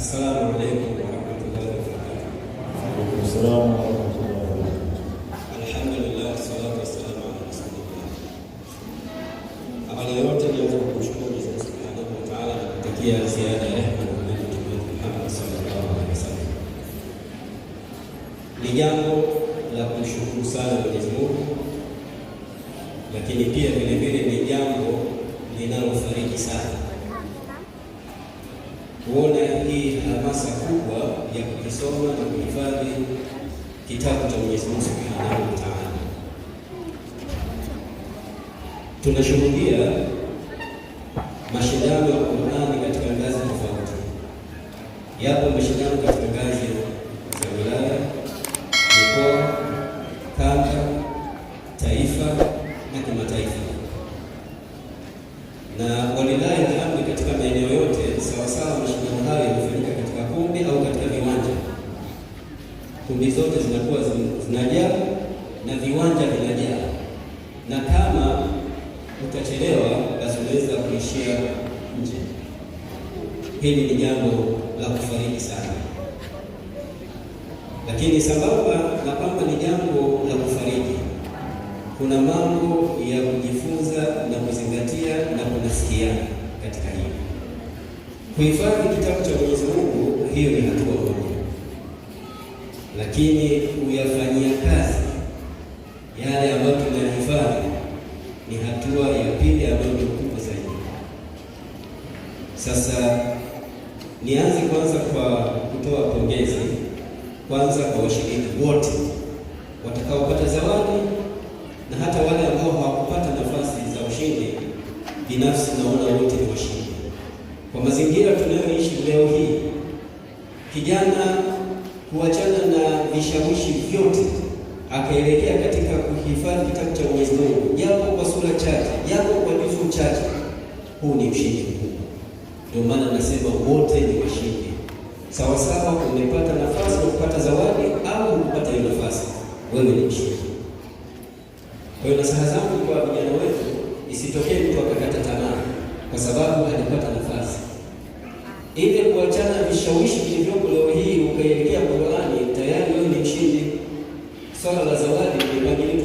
السلام عليكم ورحمة الله وبركاته. وعليكم السلام ورحمة الله وبركاته. الحمد لله والصلاة والسلام على رسول الله. Awali yote niweze kumshukuru Mwenyezi Subhanahu wa Ta'ala na kutakia ziada ya rehema na amani Mtume Muhammad sallallahu alaihi wasallam. Ni jambo la kumshukuru sana Mwenyezi Mungu, lakini pia vile vile ni jambo linalofariji sana hamasa kubwa ya kukisoma na kuhifadhi kitabu cha Mwenyezi Mungu Subhanahu wa Ta'ala. Tunashuhudia mashindano ya Qur'ani katika ngazi tofauti. Yapo mashindano kumbi zote zinakuwa zinajaa na viwanja vinajaa, na kama utachelewa, basi unaweza kuishia nje. Hili ni jambo la kufariki sana, lakini sababu na kwamba ni jambo la kufariki, kuna mambo ya kujifunza na kuzingatia na kunasikia katika hili. Kuhifadhi kitabu cha Mwenyezi Mungu, hiyo ni hatua moja lakini kuyafanyia kazi yale ambayo tunahifadhi ni hatua ya pili ambayo ni kubwa zaidi. Sasa nianze kwanza kwa kutoa pongezi kwanza kwa washiriki wote watakaopata zawadi na hata wale ambao hawakupata nafasi za ushindi. Binafsi naona wote ni washindi kwa mazingira tunayoishi leo hii, kijana kuachana vishawishi vyote, akaelekea katika kuhifadhi kitabu cha Mwenyezi Mungu, japo kwa sura chache, japo kwa juzu chache. Huu ni ushindi mkubwa, ndio maana nasema wote ni washindi sawasawa. Umepata nafasi ya kupata zawadi au kupata hiyo nafasi, wewe ni mshindi. Kwa hiyo nasaha zangu kwa vijana wetu, isitokee mtu akakata tamaa kwa sababu alipata nafasi ile kuachana vishawishi vilivyoko leo hii ukaelekea Qur'ani, tayari wewe ni mshindi. Swala la zawadi ni kwenye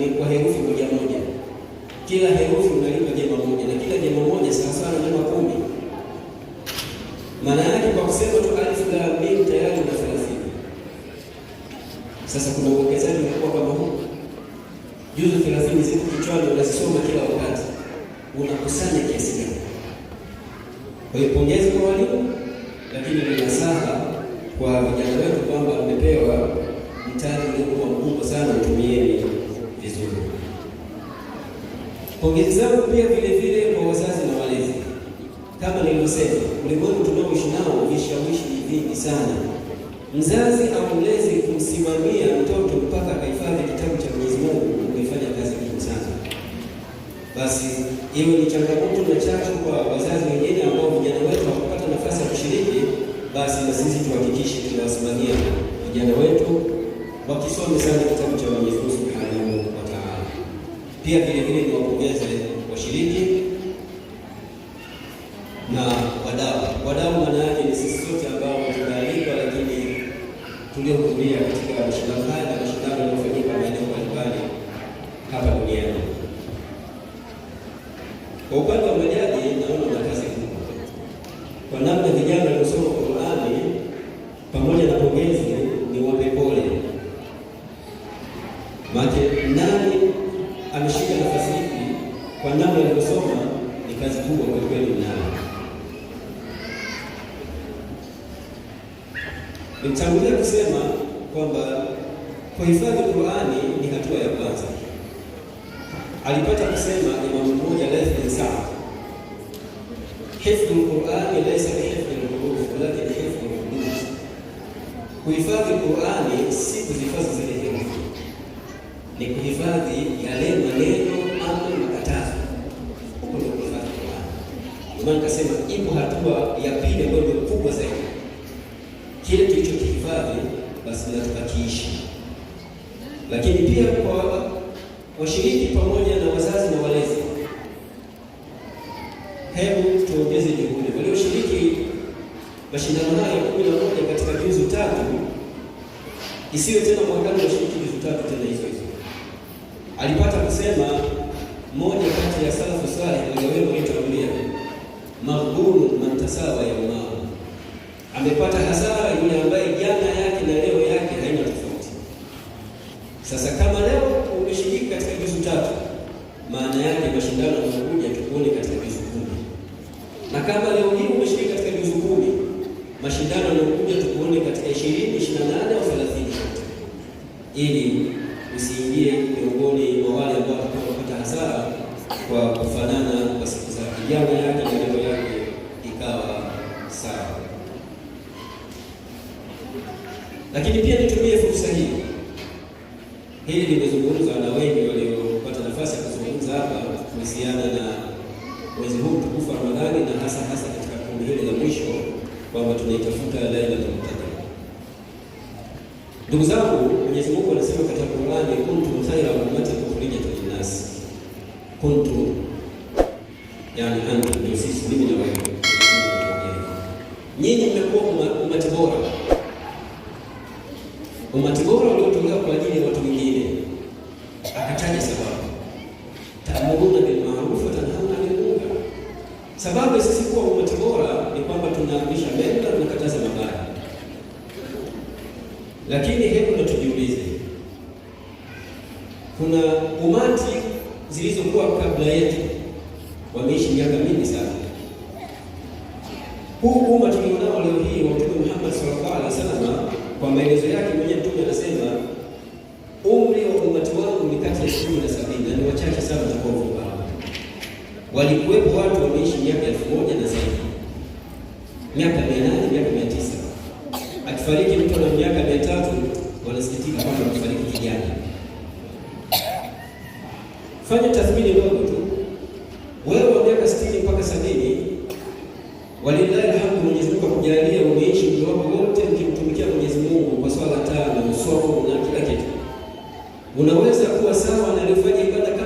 ni kwa herufi moja moja. Kila herufi unalipa jema moja, na kila jema moja sawasawa na jema kumi. Maana yake kwa kusema tu alif la mim tayari na thelathini. Sasa kuna uongezaji mkubwa kama huu, juzu thelathini ziko kichwani, unazisoma kila wakati, unakusanya kiasi gani? Kwa hiyo pongezi kwa walimu, lakini ni nasaha kwa vijana wetu kwamba wamepewa mtaji Pongezi zangu pia vile vile kwa wazazi na walezi. Kama nilivyosema, ulimwengu tunaoishi nao vishawishi vingi sana. Mzazi au mlezi kumsimamia mtoto mpaka akahifadhi kitabu cha Mwenyezi Mungu kuifanya kazi ngumu sana. Basi hiyo ni changamoto na chachu kwa wazazi wengine ambao vijana wetu hawakupata nafasi ya kushiriki. Basi na sisi tuhakikishe tunawasimamia vijana wetu wakisome sana kitabu cha Mwenyezi Mungu. Pia vile vile niwapongeze washiriki na wadau. Wadau maana yake ni sisi sote ambao tunaalikwa, lakini tuliohudhuria katika mashindano haya na mashindano yanayofanyika maeneo mbalimbali hapa duniani. Kwa upande wa majaji, naona na kazi kubwa kwa namna vijana waliosoma kwa namna nilivyosoma ni kazi kubwa kwa kweli. Na nimtangulia kusema kwamba kuhifadhi Qur'ani ni hatua ya kwanza. Alipata kusema imam mmoja Laith Saad, hifdhu lqurani laisa bihifdhi lqulubi walakin hifdhu lqulubi, kuhifadhi Qur'ani si kuhifadhi zile herufi, ni kuhifadhi yale maneno maana nikasema ipo hatua ya pili ambayo ndio kubwa zaidi, kile tulichokihifadhi basi na tukakiishi. Lakini pia kwa washiriki pamoja na wazazi na walezi, hebu tuongeze juhudi. Walioshiriki mashindano hayo kumi na moja katika juzu tatu, isiyo tena mwakani washiriki juzu tatu tena hizo hizo. Alipata kusema moja kati ya salafu saleh, mmoja wenu anaitwa mavuno matasawa ya umao. Amepata hasara yule ambaye Lakini pia nitumie fursa hii, hili nimezungumza na wengi waliopata nafasi ya kuzungumza hapa kuhusiana na mwezi huu mtukufu wa Ramadhani na hasa hasa katika kundi hili la mwisho kwamba tunaitafuta Lailatul Qadr. Ndugu zangu, Mwenyezi Mungu anasema katika Qur'ani, kuntum khayra ummatin ukhrijat linnas. Kuntum yani antum, ndio sisi, mimi na wewe, nyinyi mmekuwa umati bora Umati bora uliotumika kwa ajili ya watu wengine. Akataja sababu, ta'muruna bil ma'ruf wa tanhauna 'anil munkar. Sababu ya sisi kuwa umati bora ni kwamba tunaamrisha mema na tunakataza mabaya. Lakini hebu na tujiulize, kuna umati zilizokuwa kabla yetu Kwa maelezo yake mwenyewe Mtume anasema umri wa umati wangu ni kati ya sitini na sabini na ni wachache sana watakaofahamu. Walikuwepo watu wameishi miaka elfu moja na zaidi, miaka mia nane miaka mia tisa Akifariki mtu na miaka mia tatu wanasikitika kwamba amefariki kijana. Fanya tathmini ndogo unamsoma, unamkila kitu, unaweza kuwa sawa na aliyefanya ibada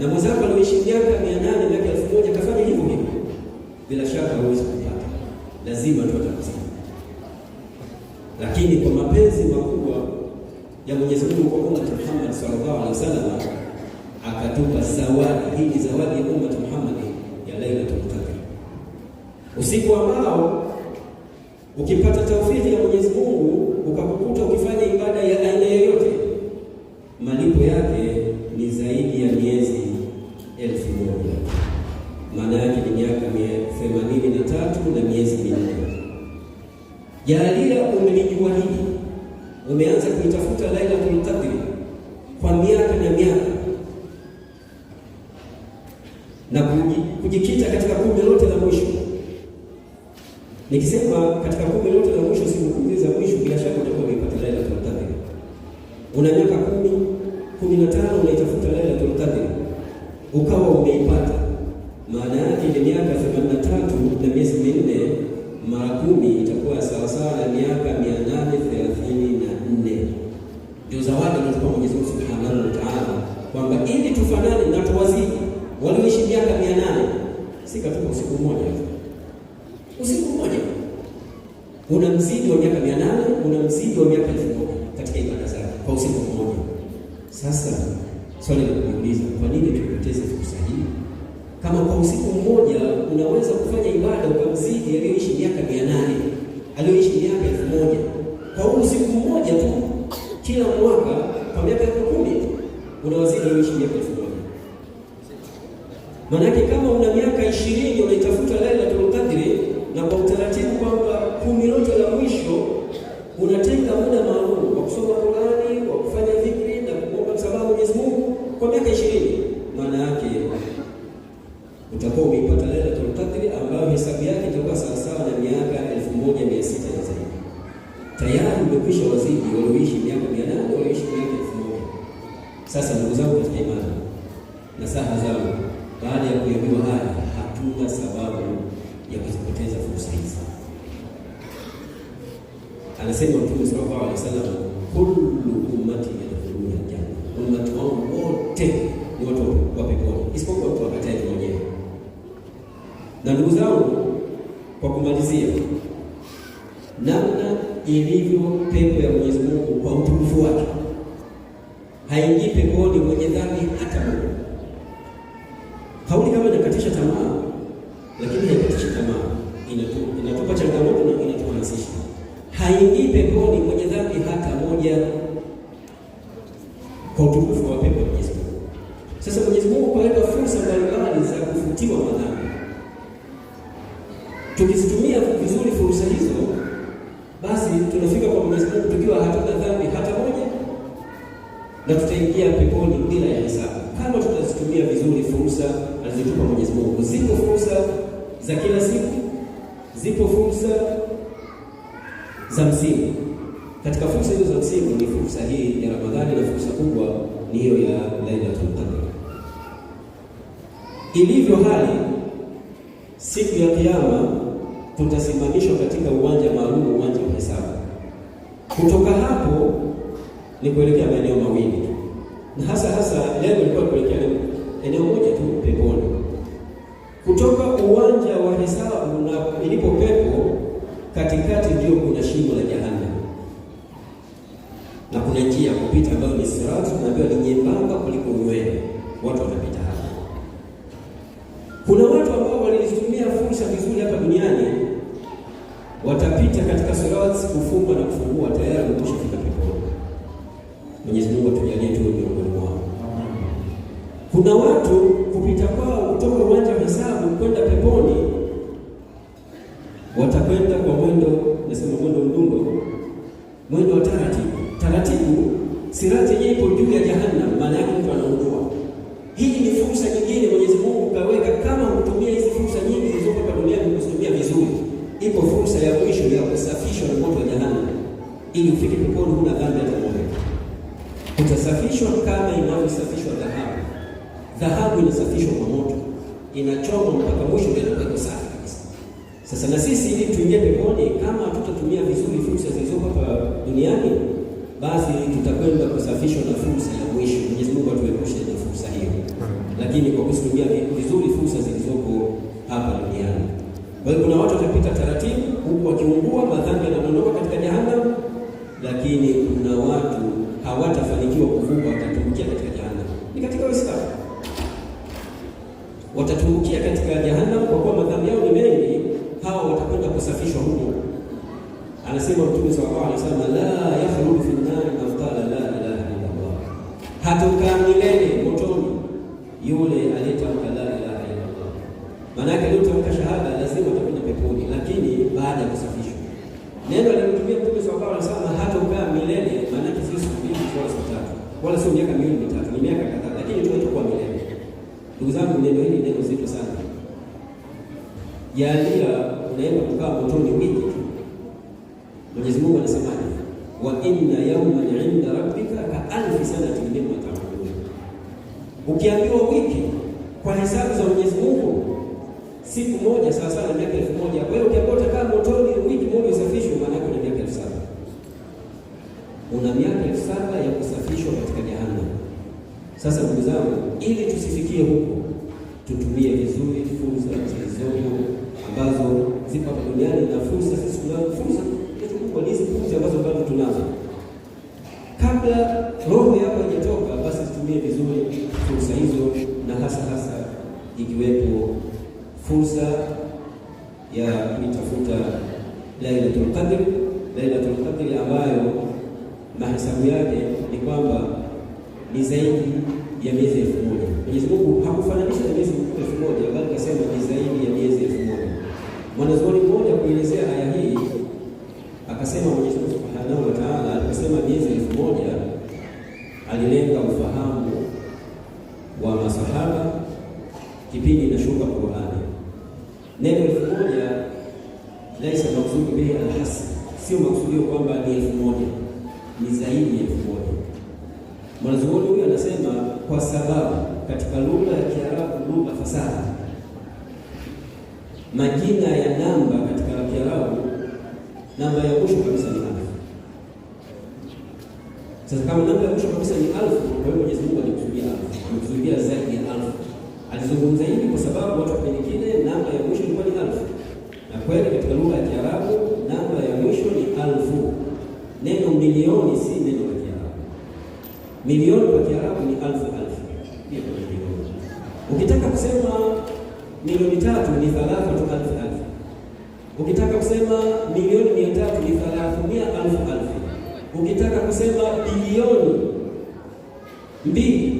na mwenzako aliishi miaka mia nane miaka elfu moja kafanya hivyo hivyo, bila shaka huwezi kupata, lazima tu atakuzidi. Lakini kwa mapenzi makubwa ya Mwenyezi Mungu kwa umma Muhammad sallallahu alaihi wasallam akatupa zawadi hii, zawadi ya umma Muhammad ya Lailatul Qadr, usiku ambao ukipata taufiki ya Mwenyezi Mungu ukakukuta ukifanya ibada ya aina yoyote, malipo yake ni zaidi ya miezi elfu moja maana yake ni miaka themanini na tatu na miezi minne. Jaalia, umelijua hili, umeanza kuitafuta Lailatul Qadr kwa miaka na miaka na kujikita katika kumi lote la mwisho, nikisema katika kumi 我看过的一篇。aliyoishi miaka mia nane aliyoishi miaka elfu moja kwa huu siku mmoja tu. Kila mwaka kwa miaka elfu kumi una aliyoishi miaka elfu moja. Maanake kama una miaka ishirini unaitafuta Lailatul Qadri na kwa utaratibu kwamba kumi lote la mwisho unatenga muda moja mia sita na zaidi tayari umekwisha wazidi walioishi miaka mia nane walioishi miaka elfu moja Sasa ndugu zangu katika imani na saha zangu, baada ya kuambiwa haya, hatuna sababu ya kuzipoteza fursa hizi. Anasema Mtume sallallahu alaihi wasallam, kullu ummati yadkhuluna janna, ummati wangu wote ni watu wa peponi, isipokuwa watu wakataji wenyewe. Na ndugu zangu, kwa kumalizia namna ilivyo pepo ya Mwenyezi Mungu kwa utukufu wake, haingii peponi mwenye dhambi hata mmoja. Kauli kama inakatisha tamaa, lakini haikatishi tamaa, inatupa changamoto na inatuhamasisha. Haingii peponi mwenye dhambi hata moja, kwa utukufu wa pepo ya Mwenyezi Mungu. Sasa Mwenyezi Mungu kaweka fursa mbalimbali za kufutiwa madhambi tunafika kwa Mwenyezi Mungu tukiwa hatuna dhambi hata moja, na tutaingia peponi bila ya hesabu, kama tutazitumia vizuri fursa alizotupa Mwenyezi Mungu. Zipo fursa za kila siku, zipo fursa za msimu. Katika fursa hizo za msimu ni fursa hii ya Ramadhani, na fursa kubwa ni hiyo ya Lailatul Qadr. Ilivyo hali siku ya Kiyama tutasimamishwa katika uwanja maalum, uwanja wa hesabu. Kutoka hapo ni kuelekea maeneo mawili na hasa hasa leo lilikuwa kuelekea eneo moja tu, peponi. Kutoka uwanja wa hesabu na ilipo pepo, katikati ndio kuna shimo la Jahannam na kuna njia ya kupita ambayo ni sirati, tunaambiwa ni nyembamba kuliko nywele, watu watapita hapo Kuna watu ambao walizitumia fursa vizuri hapa duniani watapita katika salawati kufunga na kufungua tayari wameshafika peponi. Mwenyezi Mungu atujalie tuwe miongoni mwao. Kuna watu kupita kwao kutoka uwanja wa hisabu kwenda peponi watakwenda kwa mwendo, nasema mwendo mdungo, mwendo wa taratibu taratibu. Sirati yenyewe ipo juu ya jahannam, maana yake mtu ana mkono huna dhambi hata moja. Utasafishwa kama inavyosafishwa dhahabu. Dhahabu inasafishwa kwa moto, inachomwa mpaka mwisho, ndio inakuwa safi kabisa. Sasa na sisi ili tuingie peponi, kama hatutatumia vizuri fursa zilizoko hapa duniani, basi tutakwenda kusafishwa na fursa ya mwisho. Mwenyezi Mungu atuepushe na fursa hiyo, lakini kwa kusitumia vizuri fursa zilizoko hapa duniani. Kwa hiyo kuna watu watapita taratibu, huku wakiungua, madhambi yanadondoka katika jehanamu lakini kuna watu hawatafanikiwa kuvuka, watatumbukia katika jahannam. Ni katika Uislamu, watatumbukia katika jahannam kwa kuwa madhambi yao ni mengi. Hawa watakwenda kusafishwa huko. Anasema Mtume sallallahu alaihi wasallam, la yakhludu fi nnari maqala la ilaha illa Allah, hatokaa milele motoni yule aliyetamka la ilaha illa Allah. Maana yake shahada lazima atakwenda peponi, lakini baada ya kusafishwa Neno aliotumia Mtume sallallahu alaihi wasallam hata ukaa milele, maana yake sio siku mbili wala siku tatu wala sio miaka miwili mitatu, ni miaka kadhaa, lakini tu itakuwa milele. Ndugu zangu, neno hili neno zito sana. Jaalia unaenda kukaa motoni wiki tu. Mwenyezi Mungu anasema wa inna yawma 'inda rabbika ka alfi sanati mimma ta'lamun. Ukiambiwa wiki kwa hesabu za Mwenyezi Mungu siku moja sawa sawa na miaka elfu moja. Kwa hiyo ukiambiwa utakaa motoni wiki moja una miaka elfu saba ya kusafishwa katika jehanamu. Sasa ndugu zangu, ili tusifikie huko, tutumie namba ya mwisho kabisa ni alfu. Sasa kama namba ya mwisho kabisa ni alfu, kwa hiyo Mwenyezi Mungu alikusudia alfu, alikusudia zaidi ya alfu. Alizungumza hivi kwa sababu watu wengine namba ya mwisho ilikuwa ni alfu, na kweli katika lugha ya Kiarabu namba ya mwisho ni alfu. Neno milioni si neno la Kiarabu, milioni kwa Kiarabu ni alfu, alfu Ukitaka kusema milioni tatu ni thalatha tu alfu, alfu. Ukitaka kusema milioni kusema bilioni mbili